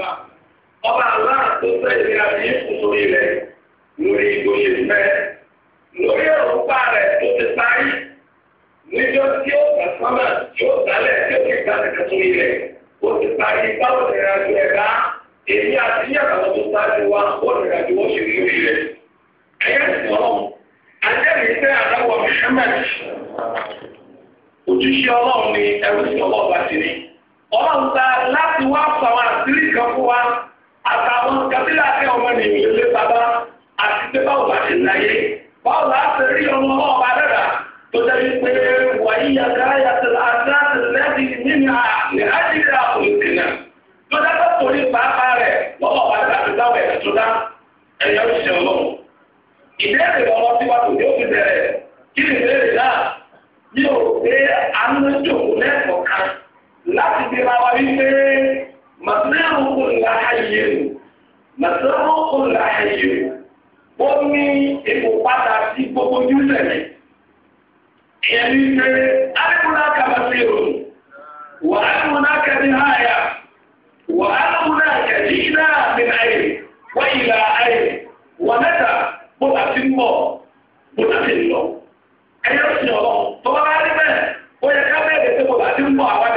ọba aláàtò sẹ́yìn àti ìkùsùn ilẹ̀ lórí ìgbòye fẹ́ lórí òrùpa rẹ̀ tó ti parí níjọ́ tí ó kà sọ́nà tí ó sálẹ̀ tí ó kíkà ìkùsùn ilẹ̀ ó ti parí báwo ni ìrìnàjò ẹ̀dá èmi àti yàrá wọn tó sáájú wa ó ìrìnàjò wọn ṣe lórí ilẹ̀ ẹ̀yẹ́ sì ọlọ́run ajẹ́rìí fẹ́ àdáwọ̀ Muhammad òjúṣe ọlọ́run ni ẹrù sí ọlọ́run bá ti ní. ọlọ́run ta láti wá fàwọn àṣírí kan fún wa àtàwọn ọmọ nìyí lé bàbá àti pé báwo bá ṣe láyé báwo bá ṣe rí ọmọ ọba rẹ̀ tó dẹ́bi pé wàyí yàtọ̀ yàtọ̀ àti láti lẹ́bi nínú tó lọ́wọ́ ọba dáwọ̀ ẹ̀ tó dá ẹ̀yọ́ ìbéèrè ọmọ tí wàá tó fojú sẹ̀lẹ̀. Ìyẹn ní pé alákùnrin àkàbà sí o, wà á mú náà kẹ́ni háyà, wà á mú náà kẹ́ni iná àti náyè, wọ́n yìí la ayè, wà mẹ́ta bó ti ń bọ̀, ti lọ. Ẹyẹ sìn ọ̀ tọ́wọ́ bá rí bẹ́ẹ̀, ó yẹ ká bẹ́ẹ̀ lè bó ta ti ń àwọn àti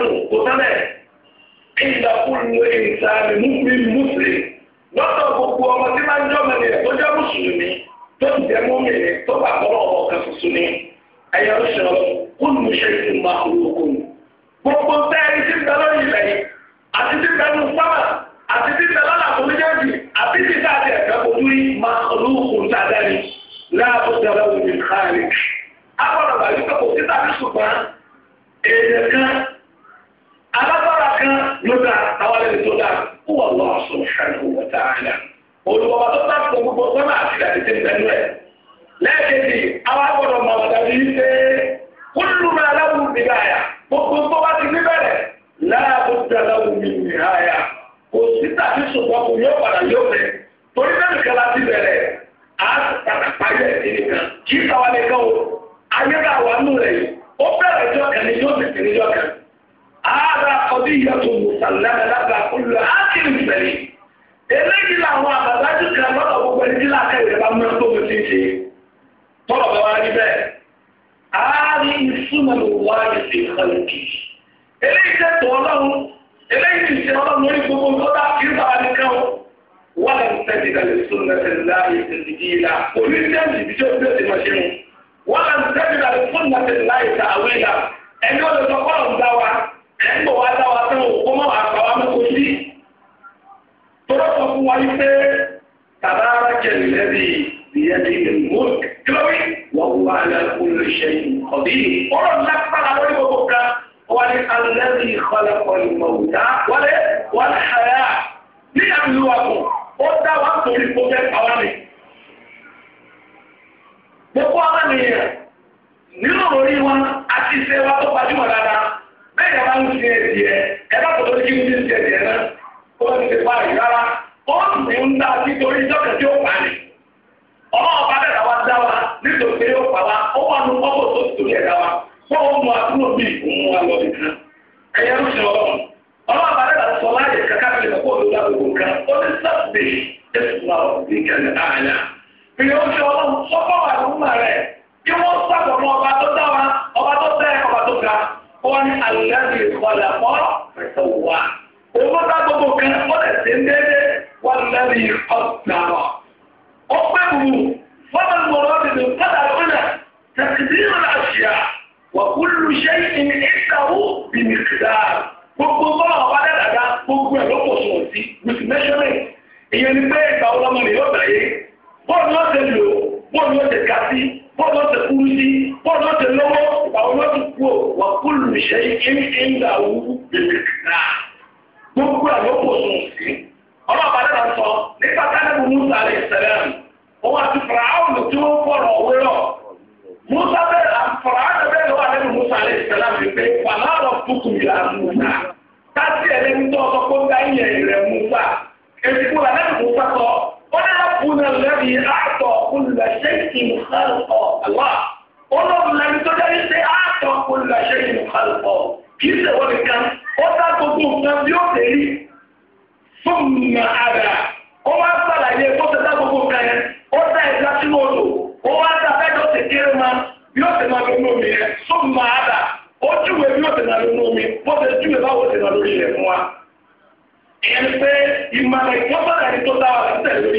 ìsìláàmù kò sábẹ̀ ìlà fúnni ìsìláàmù mùsùlùmí mùsùlùmí lọ́tọ̀ gbogbo ọmọ tí máa ń jọ mọ̀ nìyẹn tó jẹ́ mùsùlùmí tó ń jẹ́ mọ́mí tó bá kọ́ ọ̀rọ̀ kan ṣoṣo ni ẹ̀yà ń sọ kúlù ṣe ti máa lóko gbogbo sẹ́ẹ̀rì tí ń bẹ lórí ilẹ̀ yìí àti tí ń bẹ nù sábà àti tí ń bẹ lọ́la tó ní jẹ́bi àti tí sáàdì ẹ̀ka ojú rí máa lóko dáadáa ni láàbò dáadáa wò ní káàlì. alágbára kan ló dá àwọn ẹni tó dá kó wà lọ subhanahu wa tó bá kó gbogbo àti àwọn tàbí ṣe máa gbogbo tó bá ti ní láàbò kò sí tàbí kò padà torí nìkan jọ hàrà kọ́bí ìyàtọ̀ mùsàlámẹ́ lábà olú ákìrì sẹ́yìn. eléyìí làwọn àbàbájú kan lọ́dọ̀ gbogbo ẹni tí lákẹ́rẹ́ bá mú ẹgbẹ́ omi títì tọ́lọ̀ bá wá rí bẹ́ẹ̀. a rí ìsúná ló wá ìsè kàlùkì. eléyìí tẹ̀ tọ́ ọlọ́run eléyìí ti ṣe ọlọ́run lórí gbogbo gbọ́dá kí n bàbá nìkan o. wọ́n lọ sẹ́ni kalẹ̀ sọ́nà tẹ̀lá ìtẹ̀síkìlá oníṣẹ́ni bí wọ́n lọ sẹ́ni kalẹ̀ sọ́nà tẹ̀lá ìtàwé ẹ̀ńgbọ̀ wa dá wa sẹ́wọ̀n kó má wàá pa wá mú kó sí. tọ́lá sọ fún wa yìí pé tàbá ara jẹ nílẹ́bí ìyẹn ti ń mú kílọ́wì wọ́n wà lẹ́kùn lè ṣe ọ̀bí. ọ̀rọ̀ ńlá pàrọ̀ lórí gbogbo kan wọ́n ní alẹ́bí ìkọlẹ̀ pọ̀lú mọ̀wùdá wọlé wọ́n ṣàyà ní àmì wa kù ó dá wa torí kó fẹ́ pa wá mi. gbogbo àwọn ènìyàn nínú òrí wa àti ìṣe wa tó gbajúmọ̀ dáadáa bẹ́ẹ̀ ni a máa ń ṣe ẹ̀dìẹ̀ ẹ̀dá tó tó kí n ti ṣe ẹ̀dìẹ̀ náà tó bá ti ṣe pa àyè rárá wọ́n sì ń dá nítorí ìjọba tí ó pa ni ọmọ ọba bẹ̀rẹ̀ wa dá wa nítorí pé ó pa wa ó wà nù pọ́pọ̀ tó ti torí ẹ̀dá wa wọ́n ó mú àbúrò mi ìkún wa lọ bí kan ẹ̀yẹ ló ṣe ọlọ́run ọmọ ọba bẹ̀rẹ̀ sọ láyè kàkà fi lè kó olùdá gbogbo nǹkan ó ní sátidé ẹ̀sùn wa ò ní kẹ́lẹ́ àyà ìyẹn ó ṣe ọlọ́run sọ́kọ́ wọ́n ní alẹ́bí ìkọlẹ̀ mọ́ ẹ̀sẹ̀ wà. Òun bá gbogbo kan wọ́n lè ṣe ń dédé wọ́n lẹ́bí ọ̀gbàmọ̀. Ó pẹ́ wù wọ́n bá gbòòrò ọ̀dìdì kọ́dà lónà tẹ̀sídì ìrọ̀lá ṣìyà wọ́n kú lu ṣe ìní ìtàwó bìbì kìlá. Gbogbo bọ́lá ọba dàdàdà gbogbo ẹ̀ ló sí with measurement. Ìyẹn ni pé ìgbà ọlọ́mọ bọ́ọ̀lù ó ti ga sí bọ́ọ̀lù ó ti kúrú sí bọ́ọ̀lù ó ti lọ́wọ́ àwọn ó ti kú wà kúlù ṣe é ń gbà wú bèbè náà gbogbo ẹ̀ ló pò sùn sí ọlọ́pàá náà sọ nípa kánẹ́bù musa rẹ̀ sẹ́lẹ̀ òun àti fàràhùn tí ó fọ̀rọ̀ wérọ̀ musa bẹ́ẹ̀ fàràhùn bẹ́ẹ̀ lọ́wọ́ àlẹ́bù musa rẹ̀ sẹ́lẹ̀ wípé wàhálà tukùn yà musa táti ẹ̀ lẹ́nu tó ọ ربنا الذي أعطى كل شيء خلقه الله ọlọ́run lẹni tó jẹ́ wípé àtọ̀ kò lè ṣe ìmùkàlùkọ̀ kì í ṣèwọ́ nìkan ó dá gbogbo nǹkan bí ó ṣe rí fún ìmọ̀ àgbà ó wá sàlàyé bó ṣe dá gbogbo nǹkan yẹn ó dá ìlà sínú odò ó wá dá fẹ́jọ́ sì kéré ma bí ó ṣe máa lónú omi yẹn fún ìmọ̀ àgbà ó júwe bí ó ṣe máa lónú omi bó ṣe júwe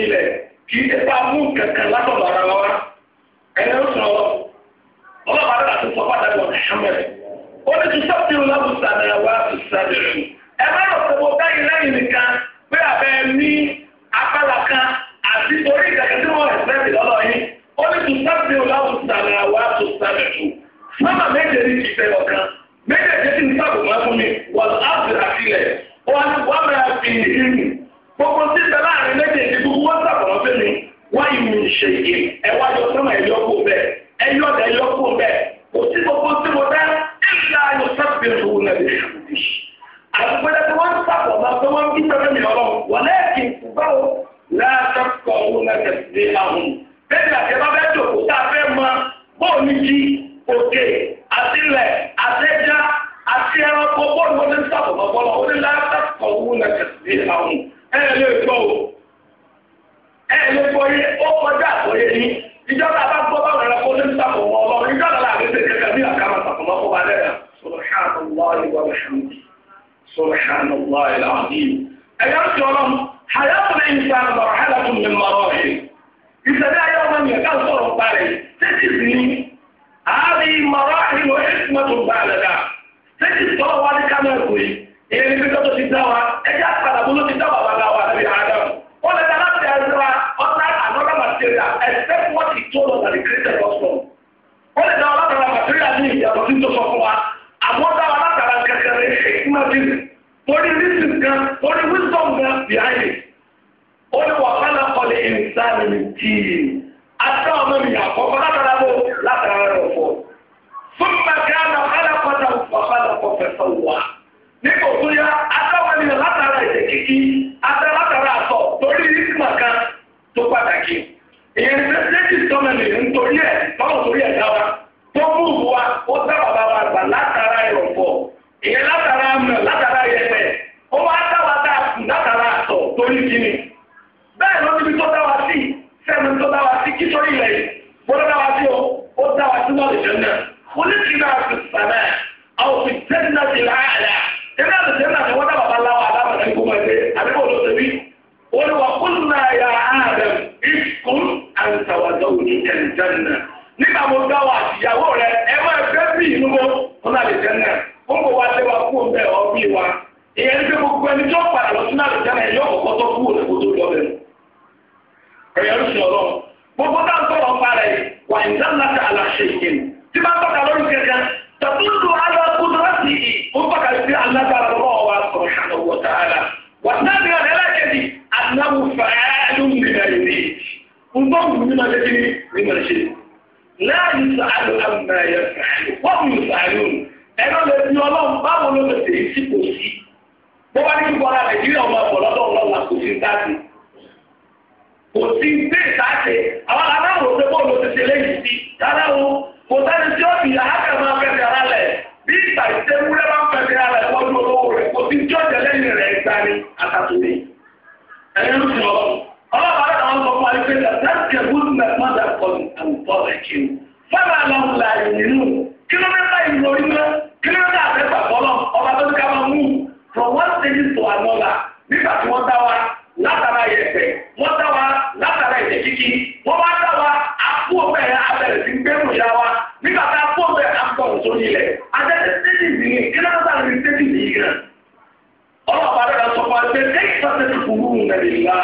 ilẹ̀ kì í tẹ́tà mú kankan látọ̀dọ̀ ara wa ẹni ó sọ ọlọ́pàá rẹ̀ láti sọ pàtàkì wọn ṣàmẹ́rẹ̀ ó ní tún sọ́ọ̀tì ńlábùsà náà wá sí sábẹ̀rẹ̀ ẹ má lọ sọ wọn báyìí lẹ́yìn nìkan pé àbẹ́ ní abala kan àti orí ìdàgbẹ́ tí wọ́n rẹ̀ sẹ́ẹ̀dì lọ́lọ́ yìí ó ní tún sọ́ọ̀tì ńlábùsà náà wá sí sábẹ̀rẹ̀ sábà méje ní ìfẹ́ ọ̀kan ṣe yìí ẹ wá jọ sọ́nà ẹ̀yọ́ kó bẹ́ẹ̀. ẹ̀yà ń fi ọlọ́run àyàwòrán ìgbà lọ́rọ̀ àyàtún mi mọ̀ ọ́ rẹ̀. ìṣẹ̀lẹ̀ ayọ́mọ mi ọ̀gá sọ̀rọ̀ pa rẹ̀ tẹ́tìs ni àárí mọ̀rọ̀ àìwọ̀ ẹ̀sìmọ̀tò gbà lẹ́dà tẹ́tìs tọ́wọ́ wá ní kámẹ́rù yìí èyí ni pípẹ́ tó ti dá wa ẹjẹ́ àpàdà bó ló ti dá wa bàbá wa àti àdàm. wọ́n lè dáná torí reason kan torí wisdom kan behind it ó ní wàhálà kọ́lé ìsáàlì mi tíì àti ọmọ mi àkọ́kọ́ látara bó látara rẹ̀ ọ̀fọ́ fún màkàrà wàhálà kọ́lá wàhálà kọ́fẹ́ sọ̀wá nípa òtún yá àtàwọn ènìyàn látara ẹ̀jẹ̀ kíkí àti látara àtọ̀ torí reason kan tó pàtàkì ìyẹn ní méjì sọ́mọ mi nítorí ẹ̀. hàdà wà sáàbì hàn ẹlẹ́kẹ̀dì àtìláwò fàáyàlú nìyà ìdí nǹkan kùn ní màá tẹ́tí ní màá ṣe láàyè sàálù àmàyà sàálù wọ́n kùn sàálù ẹ̀rọ lè fi ọlọ́run báwo ló lè tẹ̀lé sí kò sí bó bá ní kíkọ́ ara nàìjíríà ọmọ ọ̀pọ̀ lọ́dọ̀ ọlọ́run kò sí dáàbò kò sí gbé ìtaṣe àwọn aláwọ̀ ọ̀sẹ̀ bọ́ọ̀lù ti ṣe lẹ́yìn sí rárá o kò sẹ́ni tí ó fi àhákà máa fẹ́ fi ara lẹ̀ bí i ìṣe wúlẹ̀ bá ń fẹsẹ̀ ara ẹ̀ wọ́n ní olówó rẹ̀ kò sí tí ọ̀jẹ̀ lẹ́yìn rẹ̀ gba ni àtàtúndì. ẹ̀yin ló ti ọlọ́pàá náà wọ́n sọ fún wa pé láti ẹ̀kú kọ́ ní àwùjọ rẹ̀ kí àlọ́hùn la àfẹ́fà ọba tó ti ká máa mú from one stage to another nígbà tí wọ́n dá wa látara a tẹ̀sí kúrú nàbẹ̀ ìlà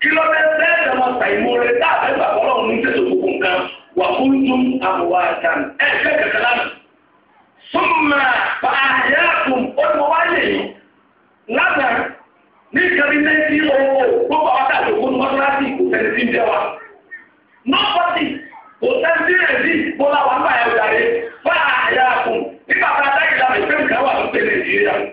kí ló dé bẹ́ẹ̀ lọ́mọ sàìmọ́ rẹ̀ tá a fẹ́ gbà ní tẹ̀sí gbogbo nǹkan wà kó dùn àmúwá àtàn ẹ̀ fẹ́ kẹ̀kẹ́ lánàá. súnmọ́ àyà kùn ó ti wá lè lánàá ní kẹrin náà ti owó gbogbo àwọn àtàkùn òkú ni wọ́n tó láti ìkó tẹ̀lé sí ìjẹ́ wa. nọ́ọ̀pọ̀tì kò sẹ́ńtì rẹ̀ sí bọ́lá wà ń bá ẹ̀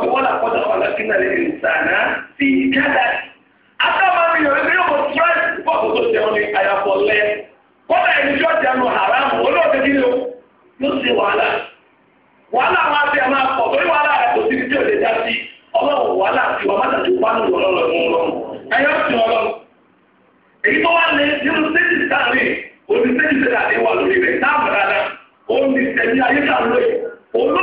pé wọ́n làkọ́ tó wà lọ́sí náà lè sànà sí ìjádà. Adáma mi yọ̀ lórí yóò mọ̀ stress púpọ̀ kó tó jẹun ní àyàfọ̀ lẹ. Kọ́lá ẹni tí ó jẹun haram olóòtú kí ló ló ṣe wàhálà. Wàhálà máa bẹ àmà pọ̀ torí wàhálà rẹ̀ kò síbi tí o lè dá sí. Ọlọ́run wàhálà ti wà má tàbí wà nínú ọlọ́run ọlọ́run. Ẹyọ́ ti ọlọ́run. Èyí tó wà lé nínú stéjì sáàrin, òní stéjì sẹ́dá ti wà lórí rẹ̀ táàbù dáadáa. Òun ti tẹ̀lé ayé sàlóyè. Òun ló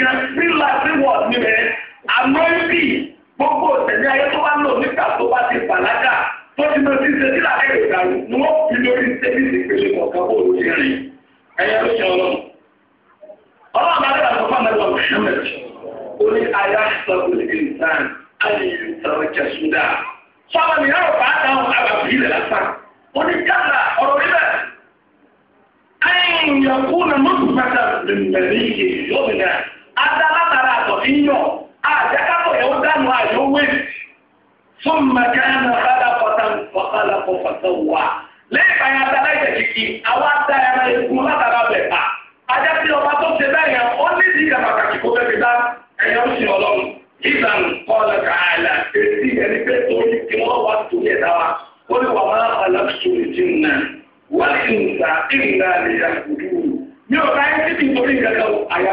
kan nílà síwọ̀ níbẹ̀ àmọ́ ibi gbogbo òtẹ̀lẹ́ ayé tó bá lò nígbà tó bá ti bàlágà tó ti lọ sí ṣe sí làkẹ́kẹ́ ìdàrú ni wọ́n fi lórí sẹ́bíìsì ìpele kọ̀ọ̀kan bó ló ṣe rìn ló ṣe ọlọ́run. ọlọ́run bá dé àtọ́fà mẹ́lọ Muhammad orí ayé àṣàbùlẹ̀ ìsàn àyè ìsọ̀rọ̀ jẹ̀súdà. sọ́wọ́n ni yàrá bá dáhùn àbàbí ilẹ̀ lásán wọ́n ní káàkà ọ̀rọ̀ ilẹ̀ ayé ìyàkú na mọ́tò ada látara àtọ̀ tí ń yọ̀ àjẹkátọ̀ yẹn ó dànù àyè ó wé fún mẹkánà kádà pọtà pọtàlà pọtà wà lẹ́yìn báyìí adala ìjẹ̀kìkì àwọn ada ẹran egun látara bẹ̀ pa ajásí ọba tó ṣe bẹ́ẹ̀ yẹn ó ní ìdí ìdàgbà kàkì kó bẹ́ẹ̀ fi dá ẹ̀yẹ ń sin ọlọ́run ìlànà kọ́ọ̀lù kàálà èsì ẹni pé torí tí wọ́n wá tó yẹ dá wa ó ní wàhálà aláṣọ ìjìnnà wọ́n ìgbà ìgbà lè yà kúrú mi ò bá yẹn ti ti torí ìgbà kan àyà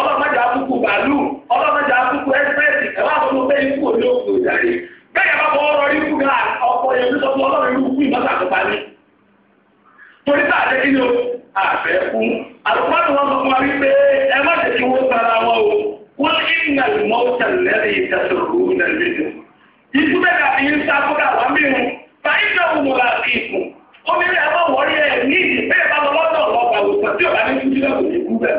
ọlọ́mọdé akúkú bàálù ọlọ́mọdé akúkú ẹ́sẹ̀sì ẹ̀wá àtúntò ikú òní òkú ìdarí bẹ́ẹ̀ bá ọ̀rọ̀ ikú ga ọkọ̀ yẹn ló sọ fún ọlọ́run irú ikú ìmọ̀ta tó pa ní. torí tá a lè kí ni o àfẹ́ kú wọn sọ fún wa wípé ẹ má wọ́n sara wọn o wọ́n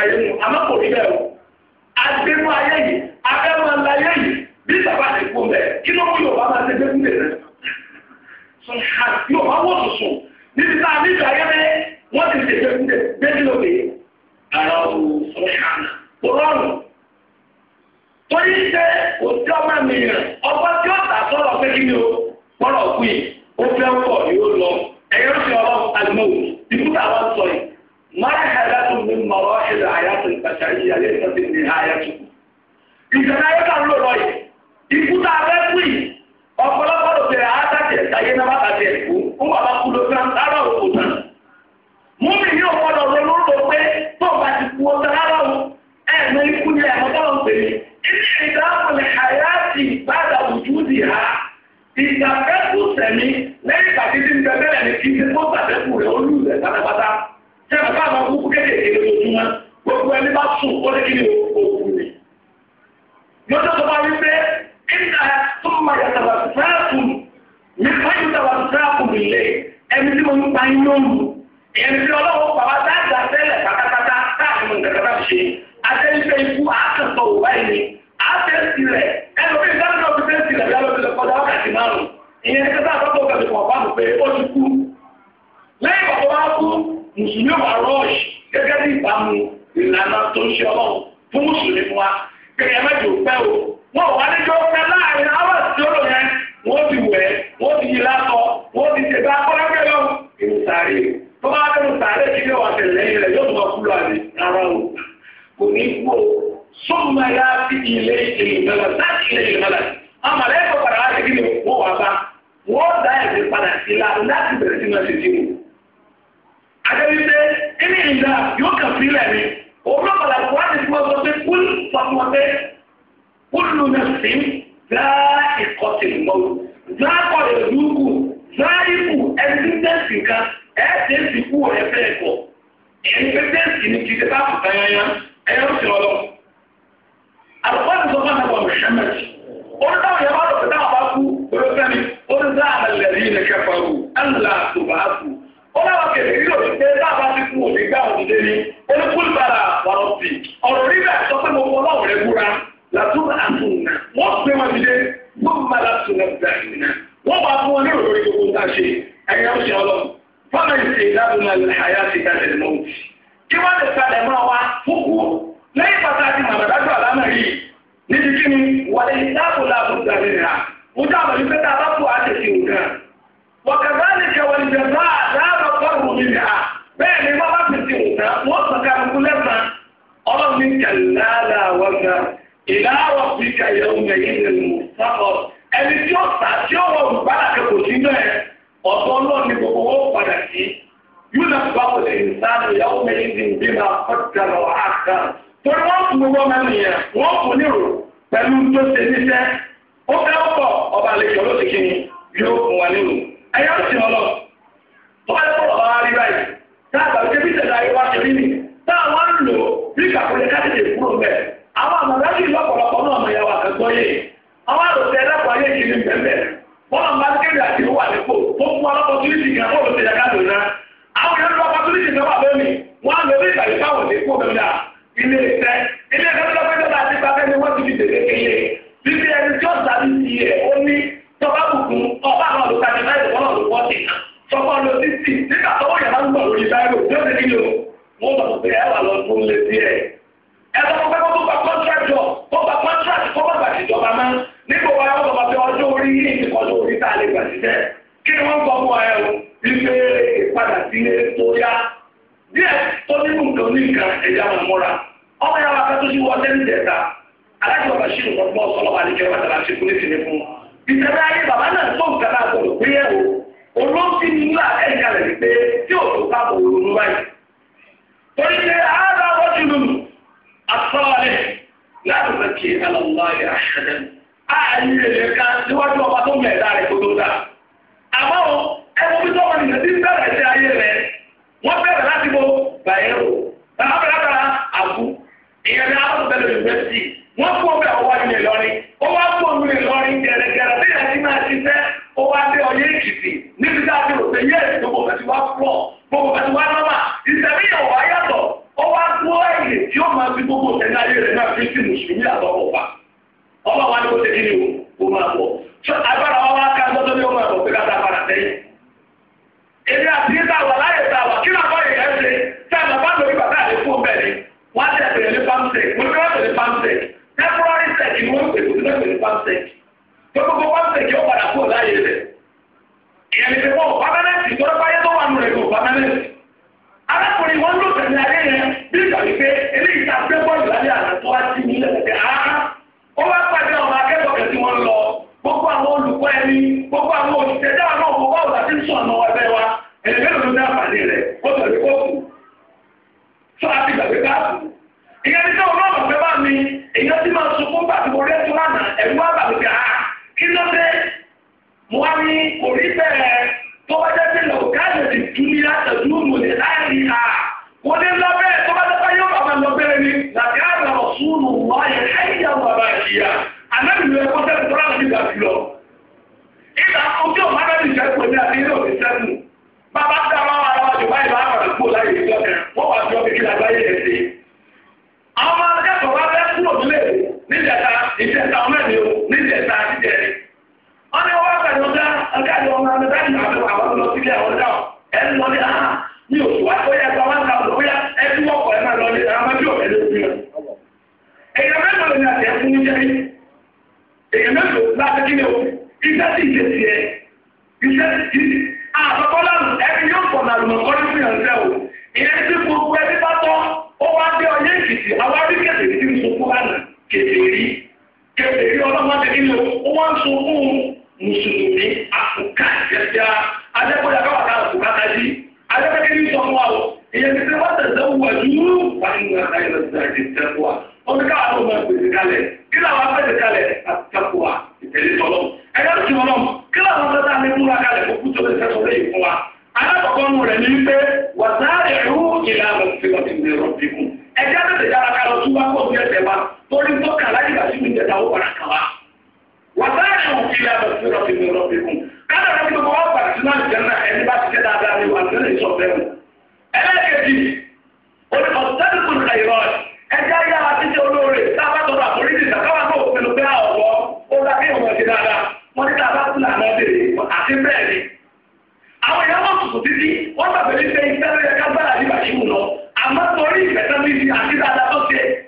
ayé nù àmọ́ kò rí bẹ́ẹ̀ o agbẹnú ayé yìí abẹ́mọ̀lá ayé yìí bí bàbá ti kú mẹ́ kí ló kú yorùbá máa ṣe fẹ́ kú lẹ́rẹ́ yorùbá wọ̀ tuntun níbi tá a níbi ayé mẹ́ wọ́n ti ṣe fẹ́ kú lẹ́ bẹ́ẹ̀ ló dé ara o sọ̀rọ̀ kòrọ́ọ̀nù torí ṣe òtí ọmọ mi rìn ọgbọ́n tí ó tà sọ̀rọ̀ pé kí ni o wọ́n lọ kú yìí ó fẹ́ kọ̀ yóò ń sọ yìí. مرحلة من مراحل الحياة البشرية ليست النهاية ìṣẹ̀lẹ̀ ayé kan ló lọ yìí ikú tá a fẹ́ pín ọ̀pọ̀lọpọ̀ ló tẹ̀lé àtàjẹ̀ táyé náà bàtà tẹ̀ kú fún bàbá kú ló di ha Tẹ́lẹ̀ bá àwọn kúkú kéékèèké ló tún wọn, gbogbo ẹni bá sùn ó lé kíni òkú ni. Lọ́jọ́ tó bá rí pé ìgbà tó máa yàtàwà sáàkùn mi máa yàtàwà sáàkùn mi lé ẹni tí mo ń pa iná mu. Ẹni tí ọlọ́wọ́ bàbá dáadáa tẹ́lẹ̀ pátápátá táàbù mi nǹkan kan ṣe. Adéyíṣẹ́ ikú àtẹ̀tọ̀ ò báyìí ni. Àtẹ̀sí rẹ̀ ẹlòmíì dáná fi tẹ̀sí rẹ̀ lálọ́bìlẹ̀ kọjá wákàtí márùn-ún. Ìyẹn kẹta àtọ́kọ̀ mùsùlùmí wà rọ́ọ̀ṣì gẹ́gẹ́ bí ìbámu ìlànà tó ń ṣe ọlọ́run fún mùsùlùmí wa kẹ̀kẹ́ mẹ́jọ pẹ́ o wọn ò wá níjọ́ pẹ́ láàrin hours tí ó lò yẹn wọ́n ti wẹ̀ wọ́n ti yí lásọ wọ́n ti ṣègbà akọ́lákẹ́ lọ èrò sàárè tó bá dẹ́nu sàárè kí ni wọ́n tẹ̀lé lẹ́yìn yóò tún ya ti ilé ìlúmọ̀lá láti ilé àdébíté ẹni ìgbà yóò kà sílẹ̀ ni òun náà bàlá wà ní tí wọ́n sọ pé kúl fọmọdé kúlù ní sí gbá ìkọsí mọ́wó gbá kọ̀lẹ̀ lúkù gbá ikú ẹni tẹ́sí kan ẹ̀ tẹ́sí kú ẹ̀ fẹ́ kọ̀ ẹni tẹ́sí ni kìí tẹ́sí àpòtá yányá ẹ̀ ń sọ lọ. àlùkò àti sọ fún àwọn Muhammad òun náà yẹ wọ́n lọ sí táwọn bá kú olóṣèlú ó ń dá àlẹ́ ọlọ́wọ́ kẹ̀lé yìí ò ní pé dáàbà ti kú òní gbà òní lé ní olùkúlùbàrà ọ̀rọ̀ sí ọ̀rọ̀ rírà sọ pé mo fọ́ ọlọ́run rẹ búra làtúbà àtúnà wọ́n gbé wọn dìde wọ́n máa látúnà gbà ìnà wọ́n bá fún wọn ní òròrí gbogbo ń tàṣe ẹ̀yà ń ṣe ọlọ́run fọ́nà ìṣe ìdábùnà àyà ti dálẹ̀ mọ́ọ̀tì kí wọ́n lè kalẹ̀ mọ́ wa fún kú ọlọ́run ọba tó kọ́ ọ̀rọ̀ arí báyìí káàbà ojú bí tẹ̀lé ayé wá ṣe rí ni táwọn ń lò bí kàkúrẹ́ káàdìdì kúrò mẹ́ àwọn àmọ̀dájú ìlú ọ̀pọ̀lọpọ̀ náà mọ̀ yàwó àkẹ́kọ̀ọ́ yé àwọn àròsẹ̀ ẹlẹ́kọ̀ọ́ ayé kìíní bẹ̀rẹ̀ bọ́lá máa kéde àti wà nípò tó fún ọlọ́pọ̀ tó ní ìgbà akátúnṣe wọ sẹ́ni tẹ̀ta alájọ bàṣí ìrọ̀pọ̀ sọlọ́wọ́ àdìjọ́ bàtàlà ṣe kúlé sí ní fún wọn. ìṣẹ̀lẹ̀ ayé bàbá náà tó nǹkan náà gbọdọ̀ pé ẹ̀ o olóńtì nílà ẹ̀yà rẹ̀ pé tí ò tó ká òun ló báyìí. torí pé ara wọ́jú lùmù asọ́ọ̀lẹ̀ láti fẹ́ kí aláwọ̀ àṣẹdẹ́nu. ààyè rẹ̀ ká níwájú ọba tó mẹ̀ẹ́dá rẹ̀ kó tó dá. àmọ́ ẹ̀wọ̀n bí tọ́wọ́ nìyẹn ti bẹ̀rẹ̀ sí ayé rẹ̀ wọ́n bẹ̀rẹ̀ láti bo bàyẹ̀wò ìyẹn ní àwọn bẹ̀rẹ̀ yunifásitì wọ́n kó bẹ̀ ọwọ́ ilé lọ́rin ó wá kó ìlú ìlọrin gẹ̀rẹ́gẹ̀rẹ́ bí ẹni máa ti fẹ́ ó wá dé ọyẹ́ èkìtì níbi tá a ti rò pé yẹ́ gbogbo bẹ̀ ti wá pọ̀ gbogbo bẹ̀ ti wá nọ́mà ìsẹ̀míyàwó ayàtọ̀ ó wá kó ẹ̀yẹ tí ó máa fi gbogbo ìtẹ̀lé ayé rẹ̀ náà fi sí mùsùlùmí àtọ́kọ̀ wa ọlọ́wà ni ó ti kí ni o ó máa bọ̀ agbára wa wá ká gbọ́dọ̀ bí ó máa bọ̀ pé ká fẹ́ pẹ̀lú pàṣẹkì tó gbogbo pàṣẹkì ó padà kó láàyè rẹ̀ ìyẹn lè pàmẹ́lẹ́tì tó lọ́pàáyé tó wà nù rẹ̀ kó pàmẹ́lẹ́tì. arákùnrin wọn ló tẹ̀lé ayé yẹn bí ìgbà wípé eléyìí tá gbé bọ́ọ̀lù lálẹ́ àná tó wá sí mi lẹ́sẹ̀ ó wá pàdé àwọn akẹ́kọ̀ọ́ kẹ́sì wọn lọ gbogbo àwọn olùkọ́ ẹni gbogbo àwọn òṣìṣẹ́ dáhùn náà gbogbo àwọn ẹ̀rú wá bàbá gbà á kí ló dé mo wá ní kò rí bẹ́ẹ̀ tó bá jẹ́ pé lọ́wọ́ káàdì ti tú ní àtẹ̀dú mò ní láàrin à mo ní lọ bẹ́ẹ̀ tó bá jẹ́ pé yóò bàbá lọ bẹ́ẹ̀ ni làbí àgbà ọ̀sùn lù wáyé ẹ̀yà wà bá yìí à àná wọ́n sunkún mùsùlùmí. lórí àdídáadáa tó ṣe.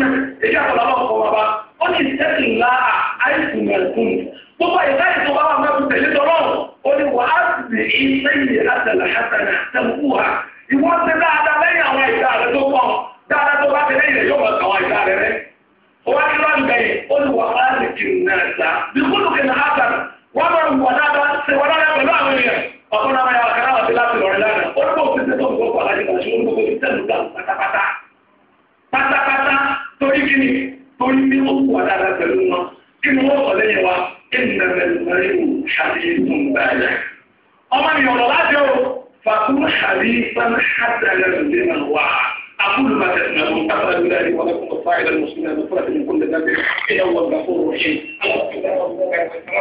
mẹ́ èyí àtọ̀lá lọ́wọ́ kọ́ bàbá ó ní ìtẹ́sí ńlá àìsùn mẹ́kùn gbogbo àyíká ìtọ́ bá wà mẹ́kùn tẹ̀lé tọ́lọ́ ó ní wà á sì ilé ìyè àtẹ̀lẹ̀ àtẹ̀lẹ̀ àtẹ̀kù wa ìwọ ti dáadáa lẹ́yìn àwọn àyíká rẹ tó pọ̀ dáadáa tó bá ti lẹ́yìn rẹ yóò wọ àwọn àyíká rẹ rẹ wọ́n á ní lọ́nbẹ̀yìn ó ní wà á sì kì torí bí ó kú àdára pẹ̀lú wọn nínú wọn wọ̀ lẹ́yìn wa ènìyàn pẹ̀lú mẹ́rin wò ṣàlàyé fún gbàgbà. ọmọ mi ọ̀rọ̀ lájọ́ o fàkún ṣàlàyé sánà ṣàtàlẹ̀ lòdì náà wà أقول ما تسمعون أفعل ذلك ولكم الفاعل المسلمين المفرد من كل ذنب إنه هو الغفور الرحيم